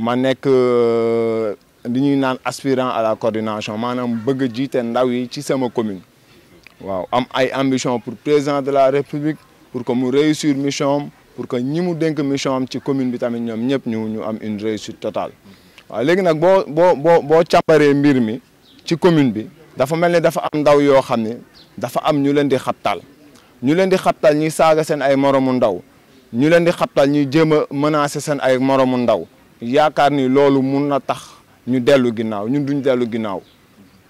ma nekk euh, li ñuy naan aspirant à la coordination maanaam bëgg a jiite ndaw yi ci sama commune waaw am ay ambition pour président de la république pour que mu réussir mission pour que ñi mu dénk mission am ci commune bi tamit ñoom ñëpp ñu ñu am une réussite totale waaw léegi nag boo boo boo boo càmbaree mbir mi ci commune bi dafa mel ni dafa am ndaw yoo xam ne dafa am ñu leen di xabtal ñu leen di xabtal ñi saaga seen ay moromu ndaw ñu leen di xabtal ñuy jéem a menacer seen ay moromu ndaw yaakaar ni loolu mun na tax ñu dellu ginnaaw ñun duñ dellu ginnaaw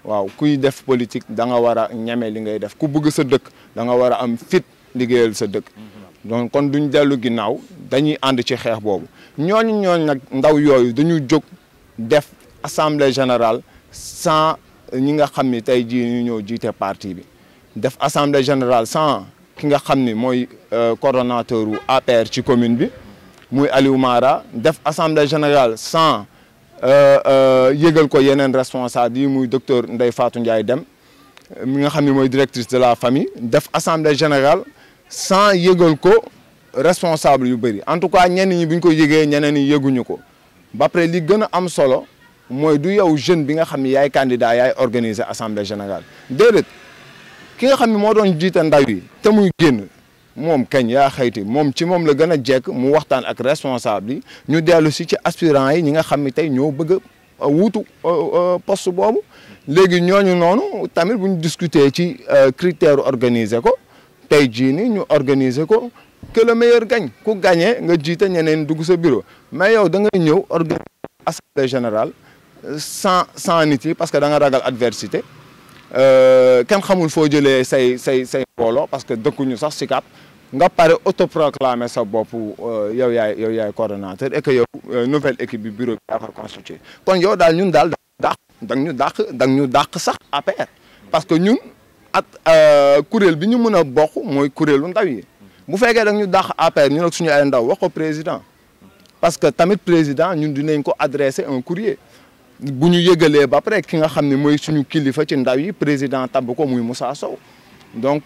waaw kuy def politique da nga war a ñeme li ngay def ku bugg sa dëkk danga nga war a am fit liggéeyal sa dëkk donc kon duñ dellu ginnaaw dañuy ànd ci xeex boobu ñooñ ñooñ nag ndaw yooyu dañu jóg def assemblée général sans ñi nga xam ni tey jii ñu ñëw jiite partie bi def assemblée général sans ki nga xam ni mooy euh, coordonnateur wu APR ci commune bi muy Aliou Mara def assemblée générale sans euh, euh, yëgal ko yeneen responsable yi muy docteur Ndeye faatu Ndiaye dem mi nga xam ne mooy directrice de la famille def assemblée générale sans yëgal ko responsable yu bëri en tout cas ñenn ñi bu ñu ko yëgee ñeneen ñi yëguñu ko ba pare li gën a am solo mooy du yow jeune bi nga xam ne yaay candidat yaay organiser assemblée général déedéet ki nga xam ne moo doon jiite ndaw yi te muy génn. moom kañ yaa xayti moom ci moom la gën a jekk mu waxtaan ak responsable yi ñu dellu si ci aspirant yi ñi nga xam ni tey ñoo bëgg wutu wuutu poste boobu léegi ñooñu noonu tamit bu ñu discuter ci euh, critère organiser ko tey jii ni ñu organiser ko que le meilleur gagne ku gagné nga jiite ñeneen dugg sa bureau mais yow da nga ñëw organiser assemblée générale euh, sans sans nit yi parce que da nga ragal adversité euh, kenn xamul foo jëlee say say say mbooloo parce que dëkkuñu sax Sicap nga pare autoproclamer sa bopp euh, yow yaay yow yaay coordonnateur et que yow euh, nouvelle équipe bi bureau bi daa ko kon yow daal ñun daal dàq da ñu dàq da ñu dàq sax APR parce que ñun at euh, kuréel bi ñu mën a bokk mooy kuréelu ndaw yi bu fekkee da ñu dàq APR ñun ak suñu ay ndaw wax ko président parce que tamit président ñun dinañ ko adressé un courrier bu ñu yëgalee ba pare ki nga xam ni mooy suñu kilifa ci ndaw yi président tabb ko muy Moussa Sow donc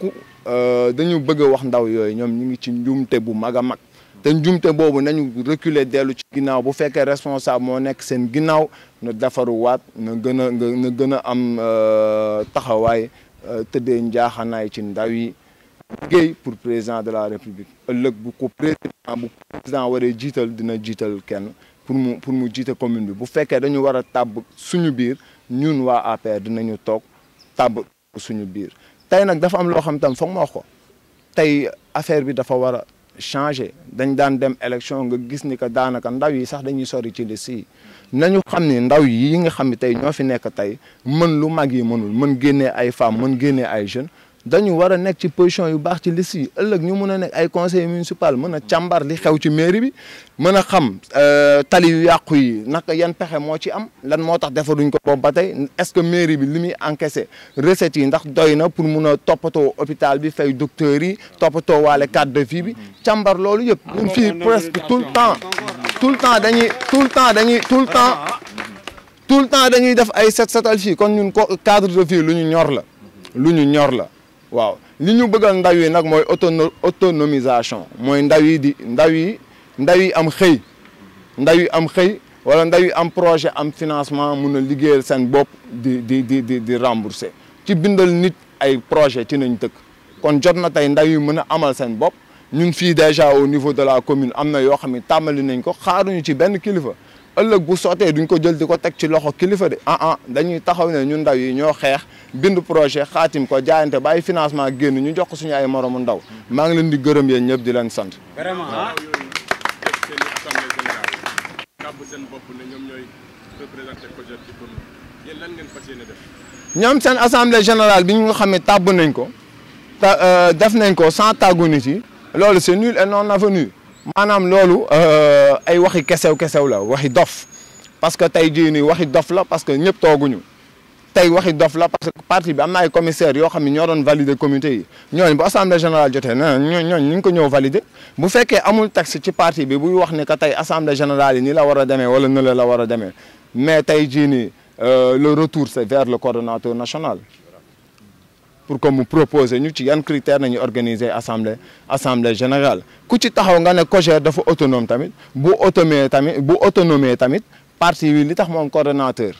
euh, dañu bëgg a wax ndaw yooyu ñoom ñu ngi ci njuumte bu mag a mag te njuumte boobu nañu reculer dellu ci ginnaaw bu fekkee responsable moo nekk seen ginnaaw na defaruwaat na gën a na gën a am euh, taxawaay euh, tëddee njaaxanaay ci ndaw yi liggéey pour président de la république ëllëg bu ko président bu président waree jiital dina jiital kenn pour mu pour mu jiite commune bi bu fekkee dañu war a tàbb suñu biir ñun waa APR dinañu toog tàbb suñu biir tey nag dafa am loo xam tam foog ma wax tey affaire bi dafa war a changer dañ daan dem élection nga gis ni que daanaka ndaw yi sax dañuy sori ci liste yi nañu xam ni ndaw yi nga xam ne tey ñoo fi nekk tey mën lu mag yi mënul mën génne ay femmes mën génnee ay jeunes dañu war a nekk ci position yu baax ci liste yi ëllëg ñu mën a nekk ay conseil municipal mën a càmbar li xew ci mairie bi mën a xam euh, tali yu yi naka yan pexe moo ci am lan moo tax defaruñ ko boobu ba tey est-ce que mairie bi li muy encaissé recettes yi ndax doy na pour mun a toppatoo hôpital bi fay docteurs yi toppatoo waale cadre de vie bi càmbar loolu yëpp ñun ah, fii presque temps tout le temps dañuy tout le temps dañuy tout le temps tout le temps dañuy def ay set setal fii kon ñun ko cadre de vie lu ñu ñor la lu ñu ñor la waaw li ñu bëggal ndaw yi nag mooy autono autonomisation mooy ndaw di ndaw yi ndaw am xëy ndaw am xëy wala ndaw am projet am financement mun a liggéeyal seen bopp di di di di di rembourser ci bindal nit ay projet ci nañ dëkk kon jot na tey ndaw yi mën a amal seen bopp ñun fii déjà au niveau de la commune am na yoo xam ne tàmbali nañ ko xaaruñu ci benn kilifa ëllëg bu sottee duñ ko jël di ko teg ci loxo kilifa de a ah, ah dañuy taxaw ne ñun ndaw yi ñoo xeex bind projet xaatim ko jaayante bàyyi financement génn ñu jox ko suñu ay moromu ndaw maa ngi leen di gërëm yéen ñëpp di leen sant. vraiment ah. ñoom seen assemblée générale bi ñu nga xam ne tàbb nañ ko. ta euh, def nañ ko sant tàggu si yi. loolu nul et non maanaam loolu euh, ay waxi kesew kesew la waxi dof parce que tey jii nii waxi dof la parce que ñëpp tooguñu tey waxi dof la parce que parti bi am na ay commissaires yoo xam ne ñoo doon valider comité yi ñooñu bu assemblée générale jotee na ñooñu ñu ngi ko ñëw valider bu fekkee amul texte ci parti bi buy wax ni que tey assemblée générale yi ni la war a demee wala nële la war a demee mais tey jii nii euh, le retour c'est vers le coordonnateur national pour que mu proposer ñu ci yan critère nañu organiser assemblée assemblée générale ku ci taxaw nga ne COJER dafa autonome tamit bu autonome tamit bu autonome tamit parti bi li tax mu am coordonnateur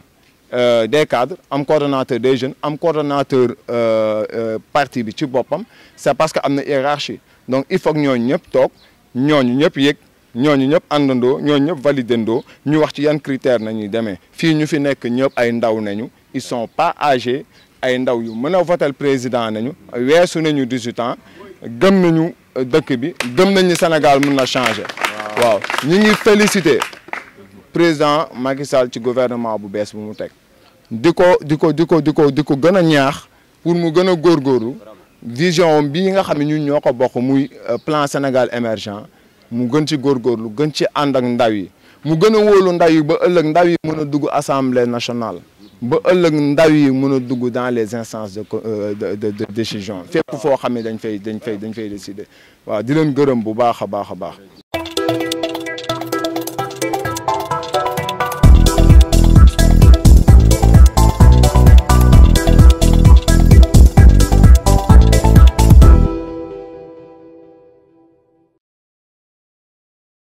euh, des cadres am coordonnateur des jeunes am coordonnateur euh, euh, parti bi ci boppam c'est parce que am na hiérarchie donc il faut que ñooñu ñëpp toog ñooñu ñëpp yëg ñooñu ñëpp àndandoo ñooñu ñëpp validendoo ñu wax ci yan critère nañuy demee fii ñu fi nekk ñëpp ay ndaw nañu ils sont pas âgés ay ndaw yu mën a votel président nañu weesu nañu 18 ans gëm nañu dëkk bi gëm nañu Sénégal mën na changé waaw ñu ngi féliciter président Macky Sall ci gouvernement bu bees bu mu teg di ko di ko di ko di ko di ko gën a ñaax pour mu gën a góorlu vision bi nga xam ne ñun ñoo ko bokk muy euh, plan Sénégal émergent mu gën ci góor góorgóorlu gën ci ànd ak ndaw yi mu gën a wóolu ndaw yi ba ëllëg ndaw yi mën a dugg assemblée nationale ba ëllëg ndaw yi mën a dugg dans les instances euh, de de de décision fépp foo xam ne dañ fay dañ fay dañ fay décider waaw di gërëm bu baax a baax a baax.